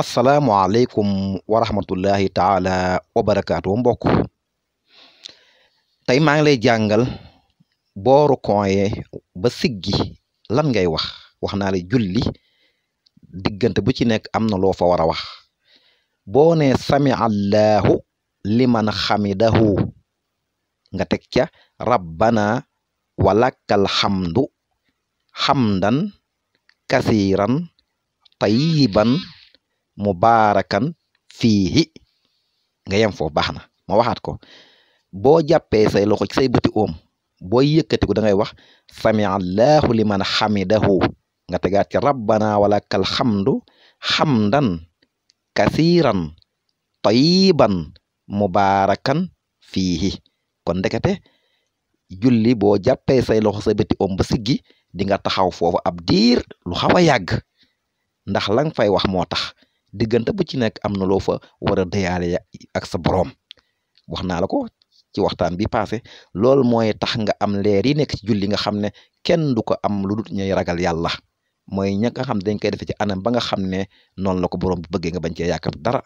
asalaamualeykum wa rahmatullahi taala wa barakaatu mbokk tey maa ngi lay jàngal booru ba siggi lan ngay wax wax naa la julli diggante bu ci nekk am na loo fa war a wax boo ne sami allahu liman xamidahu nga teg ca rabbana walakal xamdu xamdan kasiiran tayiban mubaarakan fiihi nga yem foofu baax na ma waxaat ko boo jàppee say loxo say bëti oom boo yëkkatiku da ngay wax sami allahu liman xamidahu nga tegaat ci rabbana walakal xamdu xamdan kasiiran tayiban mubaarakan fiihi kon ndekete julli boo jàppee say loxo sa bëti oom ba siggi di nga taxaw foofu ab diir lu xaw a yàgg ndax lang fay wax moo tax diggante bu ci nekk am na loo fa war a dayaale ak sa boroom wax naa la ko ci waxtaan bi passé loolu mooy tax nga am leer yi nekk ci julli nga xam ne kenn du ko am lu dul ñuy ragal yàlla mooy ña xam dañ koy defee ci anam ba nga xam ne noonu la ko boroom bëggee nga bañ cee yàkkam dara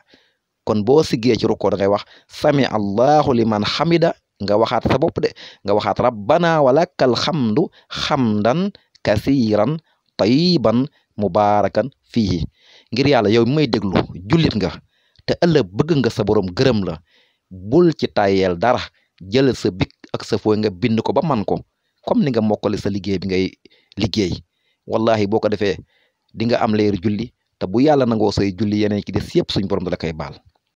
kon boo siggee ci rukkoo da ngay wax sami allahu liman xamida nga waxaat sa bopp de nga waxaat rabbana walakal xamdu xamdan kasiiran tayiban mubaarakan fiihi ngir yàlla yow may déglu jullit nga te ëllëg bëgg nga sa borom gërëm la bul ci tàyyeel dara jëlal sa bic ak sa fooy nga bind ko ba man ko comme ni nga mokkale sa liggéey bi ngay liggéey wallahi boo ko defee di nga am leer julli te bu yàlla nangoo say julli yeneen ki des yëpp suñ borom da la koy baal